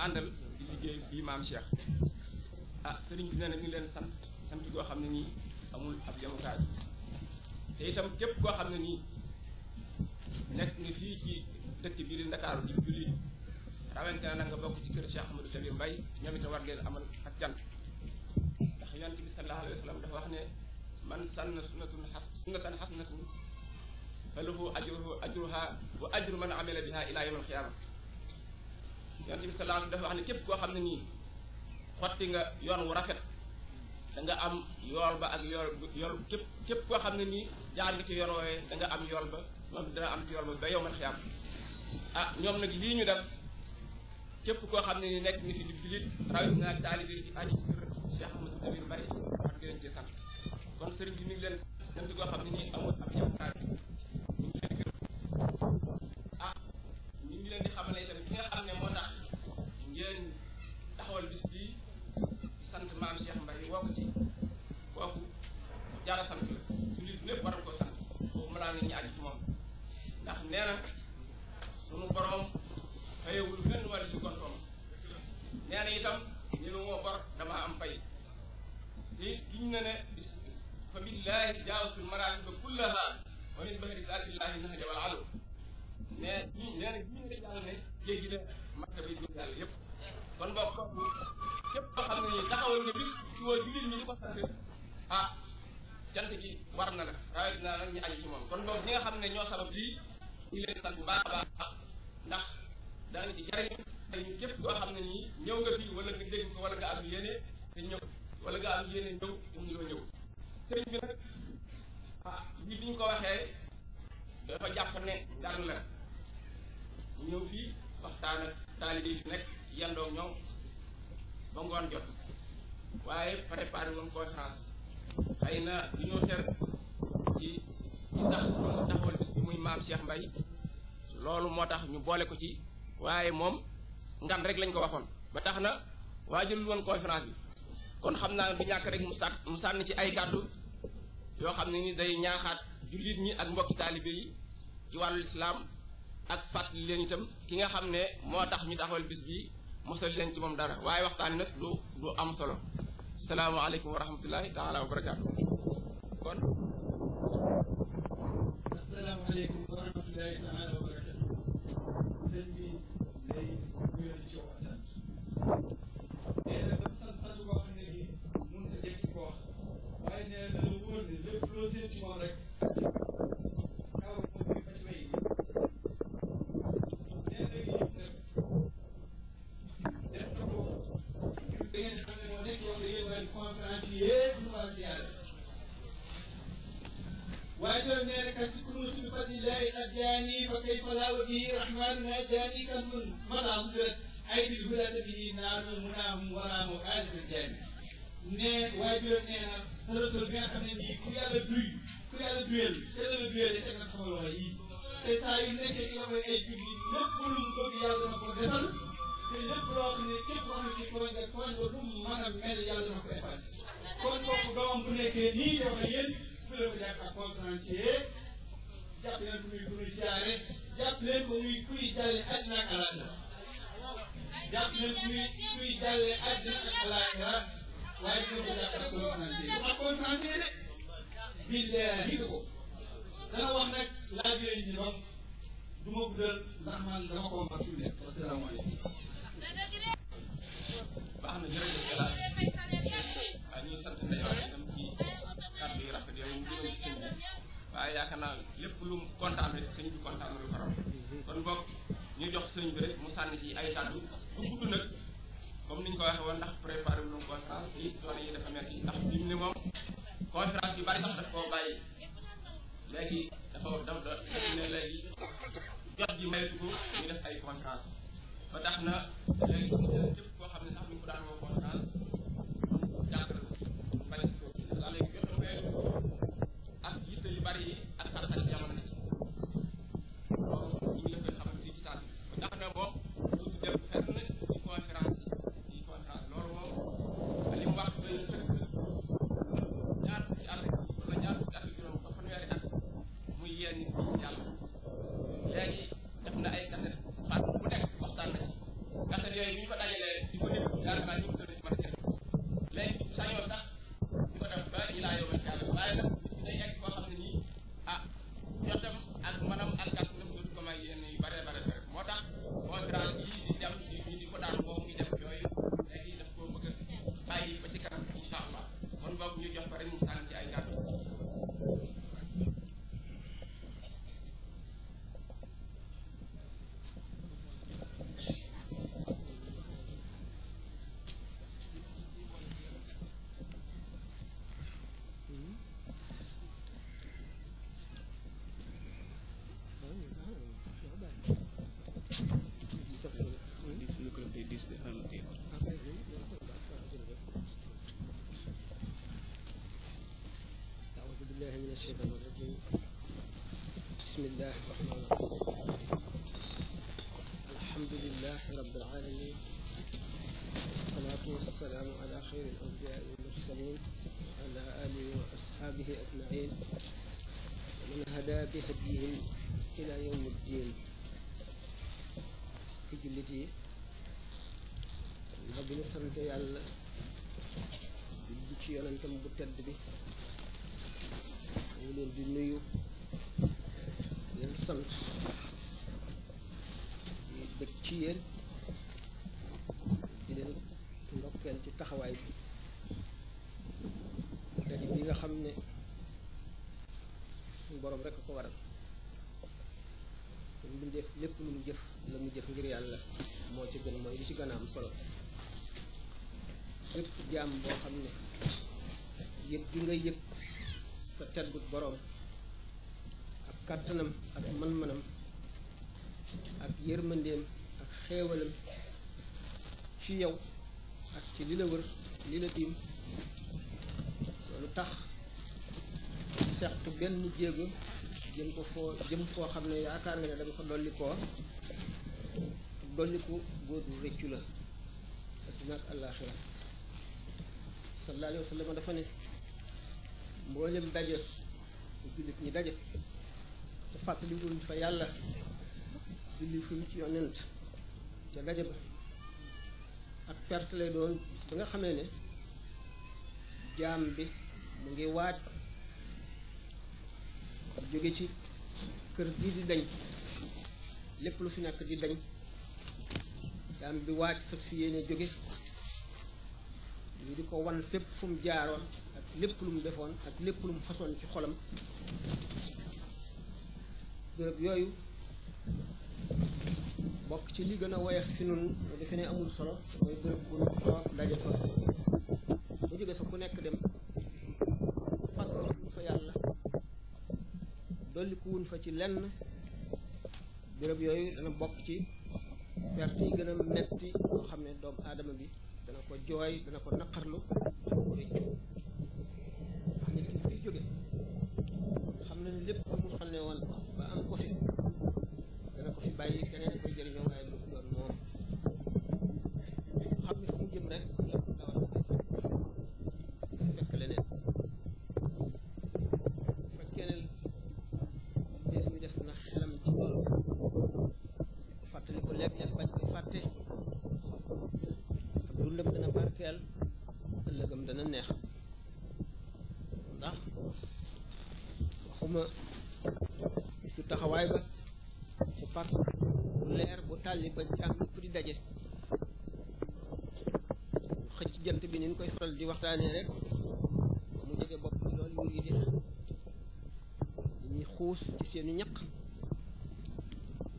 àndal di liggéey bii maam Cheikh ah sëriñ bi nee na mi ngi leen sant sant goo xam ne nii amul ab yamukaay te itam képp koo xam ne nii nekk nga fii ci dëkk bii di Ndakaaru di julli rawante na nga bokk ci kër Cheikh Ahmadou Salim Mbaye ñoom itam war leen amal ak jant ndax yonent bi sallallahu alayhi wa sallam dafa wax ne man sanna sunnatun xas sunnatan xasanatan falahu ajruha ajruha wa ajru man amila biha ila yawm al qiyaama yonent bi sallallahu képp koo xam ne nii xotti nga yoon wu rafet da nga am yool ba ak yool koo xam ne nii jaar nga ci yoon woowee am yool ba moom dana am ba ba ah, ñoom nag lii ñu def képp koo xam ne nii nekk ni fi di bilit rawit na ak taalibe yi ci nii ngi leen di gërëm ah ñu ngi ki nga xam ne moo tax yéen taxawal bis bii sant maam Cheikh Mbaye woo ko ci kooku jaara sant la jullit ñépp war a ko sant boobu mënaa nit ñi àgg moom ndax nee na sunu borom xëyewul fenn wàll ju gontoom nee na itam ni lu moo bor damaa am fay te giñ na ne bis fa billaahi jaawasul maraakiba kullaha wa min bahri zaatillahi nahja wal alu mais nee na giñ na ne yàlla ne jéggi na martaba yi yépp kon boog kooku képp koo xam ne nii taxawal nga bis ci woo jullit ñi ko sant ah jant gi war na la rawatina nag ñu aju ci moom nga xam ne ñoo sabab lii ñu leen sant bu baax a baax ndax daana ci jariñ ñu képp koo xam ne nii ñëw nga fii wala nga dégg ko wala nga am yéene te ñëw wala nga am yéene ñëw te ñu loo ñëw sëriñ bi nag ah lii ñu ko waxee dafa jàpp ne gan la ñëw fii waxtaan taalibe yi fi nekk yendoo ñoom ba ngoon jot waaye préparé na lu ñoo ter loolu moo tax ñu boole ko ci waaye moom ngan rek lañ ko waxoon ba tax na waajul woon conférence bi kon xam naa du ñàkk rek mu sànn mu sànn ci ay kàddu yoo xam ne ni day ñaaxaat jullit ñi ak mbokki taalibe yi ci wàllu lislaam ak fàttali leen itam ki nga xam ne moo tax ñu taxawal bis bi mosal leen ci moom dara waaye waxtaan nag lu lu am solo salaamaaleykum wa rahmatullahi taala wa kon asalaamaaleykum wa rahmatullahi taala wa barakaatu sëñ bi ku yàlla duy ku yàlla duyeel yàlla la duyeel teg na sama loxo yi te saa yu nekkee ci loxoy ay julli lépp lu mu bëgg yàlla na ko defal te lépp loo xam ne képp koo xam ne ci poñ rek poñ ba lu mu mën a mel yàlla na ko dépassé kon kooku doomam bu nekkee nii yoo xam yéen bu la ko jàpp ak conférencier jàpp leen ko muy bu muy siyaare jàpp leen ko muy kuy jàlle àddina ak alaxira jàpp leen ko muy kuy jàlle àddina ak alaxira waaye bu la ko jàpp ak conférencier bu ak conférencier de billaahi du ko dana wax rek laaj yooyu ñu doon du ma guddal dama ko mbar fi mu nekk asalaamaaleykum baax na jërëjëf yàlla waaye ngi sant ndey wax itam ci kàddu yi rafet yooyu ñu naa lépp lu kontaan sëñ bi kontaan ñu jox sëñ bi rek mu sànni ci ay kàddu bu gudd nag comme ni ñu ko waxee woon ndax préparé wu ñu conférence bi doone yi dafa metti ndax conférence yu bari sax daf koo bàyyi léegi dafa dafa ne léegi jot ji maytu ko ñu def ay conférence ba tax na léegi képp koo xam ne sax ñu ko daan woo conférence jàppale ay cassette yooyu bi ñu ko dajalee sañoon sax di ko def ba ah, ak maanaam alkat même dootu bare bare bare moo tax conférence yi di dem di di ko daan boobu muy def yooyu léegi daf koo bëgg a bàyyi ba ci kanam incha allah kon boobu ñu jox ko rek 10 de un dix. bismillahi rahmaani rahiim alhamdulilahi rabbil aalamiin wassalaatu wassalaamu alaa xayril anbiyaa wal mursaliin wa alaa aalihi wa ashaabihi ajmaiin wa man hadaa bi hadyihim ilaa yawmi ddiin jullit yi ndax bi ñu sant yàlla di ci yonentam bu tedd bi ñu leen di nuyu leen sant di bëgg ci yéen di leen ndokkeel ci taxawaay bi daje bi nga xam ne suñu boroom rekk a ko waral lu mu def lépp lu mu jëf la mu jëf ngir yàlla moo ci gën mooy li ci gën solo bépp jaam boo xam ne yëg gi nga yëg sa tedgut boroom ak kàttanam ak man-manam ak yërmandeem ak xéewalam ci yow ak ci li la wër li la tiim loolu tax seqtu benn jéego jëm ko foo jëm foo xam ne yaakaar nga ne da ko fa dollikoo dolliku góor bu rëccu la ak nag àllaaxira sallallahu alayhi wa dafa ne mboolem daje jullit ñi daje te fàttaliwuñ fa yàlla julli fuñ ci yonent te daje ba ak perte lay doon bis ba nga xamee ne jaam bi mu ngi waaj jóge ci kër gii di dañ lépp lu fi nekk di dañ jaam bi waaj fas fi yéene jóge di ko wan fépp fu mu jaaroon ak lépp lu defoon ak lépp lu mu ci xolam bërëb yooyu bokk ci li gën a woyof fi nun defe ne amul solo mooy bërëb bu nu toog daje fa bu jóge fa ku nekk dem fàttaliku fa yàlla dolliku fa ci lenn bërëb yooyu dana bokk ci perte yi gën a metti yoo xam ne doomu aadama bi dana ko jooy dana ko naqarlu réccu ndax nit xam na ne lépp mu fal ne woon ba am ko fi dana ko fi bàyyi keneen koy jëriñoo waaye lu doon moom xam ne fu mu jëm rek fekk leneen fekkee ne mbir mi def na xelam ci loolu fàttali ko léeg-léeg bañ koy fàtte peel ëllëgam dana neex ndax waxuma su taxawaay ba su par leer bu tàlli ba jaam ñëpp di daje xëcc jant bi ni ñu koy faral di waxtaanee rek mu jege bopp bi loolu mu ngi di xuus ci seeni ñaq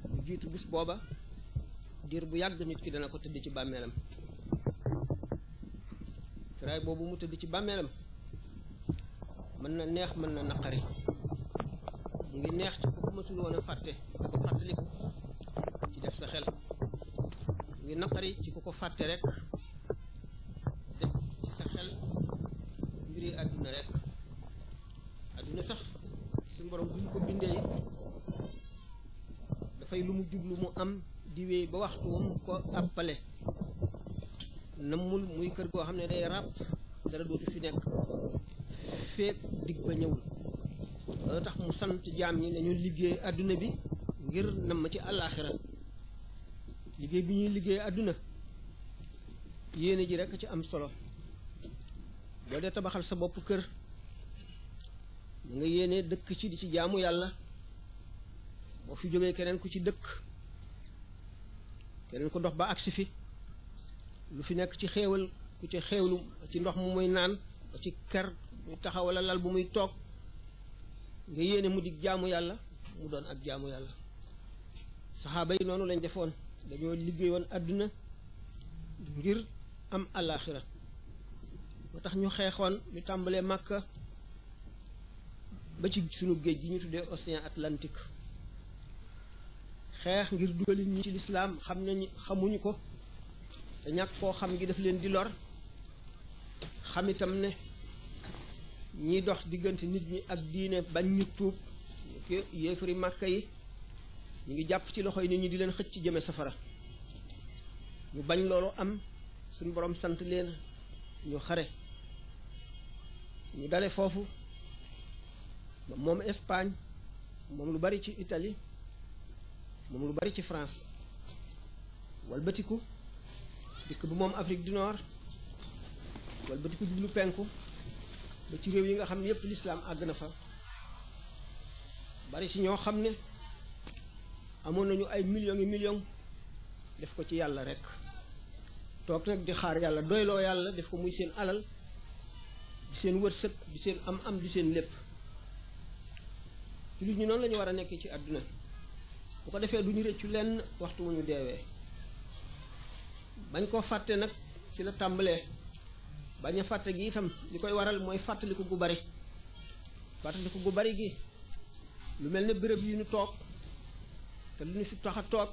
lu jiitu bis booba diir bu yàgg nit ki dana ko tëdd ci bàmmeelam tëddaay boobu mu tëdd ci bàmmeelam mën na neex mën na naqari mu ngi neex ci ko ko fàttaliku def sa xel mu ngi naqari fàtte borom ko dafay lu mu jublu mu am diwee ba waxtu wam ko àppale nammul muy kër goo xam ne day ràpp dara dootu fi nekk feek digg ba ñëwul loolu tax mu sant jaam ñi nañu liggéey àdduna bi ngir namm ci àllaaxira liggéey bi ñuy liggéey àdduna yéene ji rekk ci am solo boo dee tabaxal sa bopp kër mu nga yéene dëkk ci di ci jaamu yàlla boo fi jógee keneen ku ci dëkk keneen ko dox ba agsi fi lu fi nekk ci xéewal ku ci xéewlu ci ndox mu muy naan ci ker muy taxaw wala lal bu muy toog nga yéene mu di jaamu yàlla mu doon ak jaamu yàlla saxaaba yi noonu lañ defoon dañoo liggéey woon àdduna ngir am alaaxira moo tax ñu xeexoon ñu tàmbalee Màkka ba ci sunu géej gi ñu tuddee océan Atlantique xeex ngir dugal nit ci lislaam xam nañu xamuñu ko te ñàkk koo xam gi daf leen di lor xam itam ne ñiy dox diggante nit ñi ak diine bañ ñu tuub yéefari màkka yi ñu ngi jàpp ci loxo yi nit ñi di leen xëcc ci jëme safara ñu bañ loolu am suñu borom sant leen ñu xare ñu dale foofu moom Espagne moom lu bari ci itali moom lu bari ci France walbatiku dëkk bi moom Afrique du Nord wala ba di ko jublu penku ba ci réew yi nga xam ne yépp lislaam àgg na fa bari si ñoo xam ne amoon nañu ay million yi millions def ko ci yàlla rek toog nag di xaar yàlla doyloo yàlla def ko muy seen alal di seen wërsëg di seen am am di seen lépp lu ñu noonu la war a nekk ci àdduna bu ko defee du ñu rëccu lenn waxtu wu ñu deewee bañ koo fàtte nag ci la tàmbalee bañ a fàtte gi itam li koy waral mooy fàttaliku gu bari fàttaliku gu bari gi lu mel ne béréb yi ñu toog te lu ñu fi tax a toog